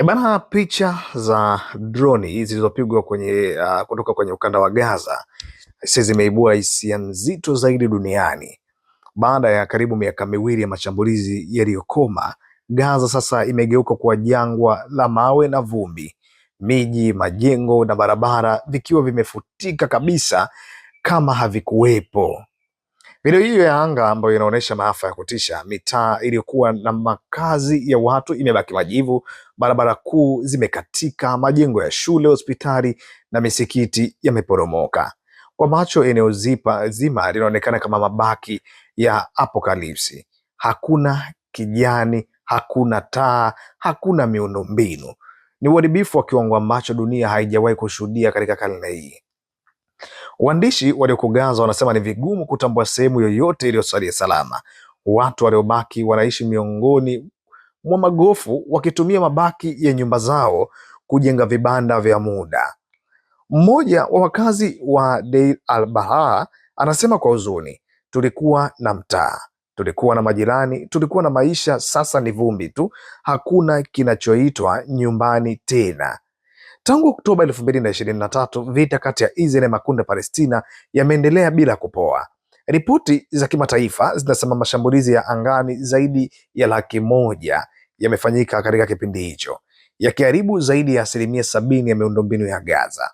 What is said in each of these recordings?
E bana, picha za droni zilizopigwa kwenye uh, kutoka kwenye ukanda wa Gaza sasa zimeibua hisia nzito zaidi duniani baada ya karibu miaka miwili ya mashambulizi yaliyokoma. Gaza sasa imegeuka kuwa jangwa la mawe na vumbi, miji, majengo na barabara vikiwa vimefutika kabisa kama havikuwepo. Video hiyo ya anga ambayo inaonyesha maafa ya kutisha, mitaa iliyokuwa na makazi ya watu imebaki majivu, barabara kuu zimekatika, majengo ya shule, hospitali na misikiti yameporomoka. Kwa macho, eneo zima linaonekana kama mabaki ya apokalipsi. Hakuna kijani, hakuna taa, hakuna miundombinu. Ni uharibifu wa kiwango ambacho dunia haijawahi kushuhudia katika karne hii. Waandishi walioko Gaza wanasema ni vigumu kutambua sehemu yoyote iliyosalia salama. Watu waliobaki wanaishi miongoni mwa magofu wakitumia mabaki ya nyumba zao kujenga vibanda vya muda. Mmoja wa wakazi wa Deir al-Bahaa anasema kwa huzuni, tulikuwa na mtaa, tulikuwa na majirani, tulikuwa na maisha. Sasa ni vumbi tu, hakuna kinachoitwa nyumbani tena. Tangu Oktoba elfu mbili na ishirini na tatu vita kati ya Israel na makundi ya Palestina yameendelea bila kupoa. Ripoti za kimataifa zinasema mashambulizi ya angani zaidi ya laki moja yamefanyika katika kipindi hicho, yakiharibu zaidi ya asilimia sabini ya miundombinu ya Gaza.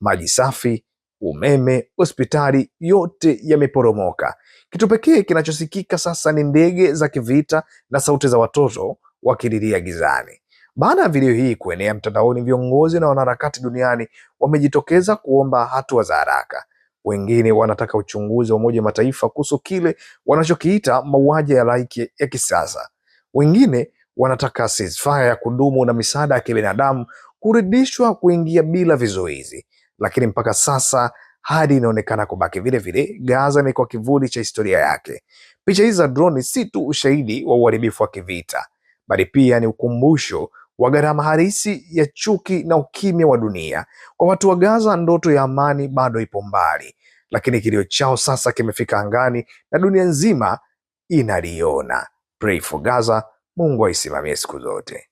Maji safi, umeme, hospitali, yote yameporomoka. Kitu pekee kinachosikika sasa ni ndege za kivita na sauti za watoto wakililia gizani. Baada ya video hii kuenea mtandaoni, viongozi na wanaharakati duniani wamejitokeza kuomba hatua za haraka. Wengine wanataka uchunguzi wa Umoja wa Mataifa kuhusu kile wanachokiita mauaji ya laiki ya kisasa. Wengine wanataka ceasefire ya kudumu na misaada ya kibinadamu kurudishwa kuingia bila vizuizi. Lakini mpaka sasa hadi inaonekana kubaki vile vile. Gaza imekuwa kivuli cha historia yake. Picha hizi za droni si tu ushahidi wa uharibifu wa kivita, bali pia ni ukumbusho wa gharama halisi ya chuki na ukimya wa dunia. Kwa watu wa Gaza, ndoto ya amani bado ipo mbali, lakini kilio chao sasa kimefika angani na dunia nzima inaliona. Pray for Gaza, Mungu aisimamie siku zote.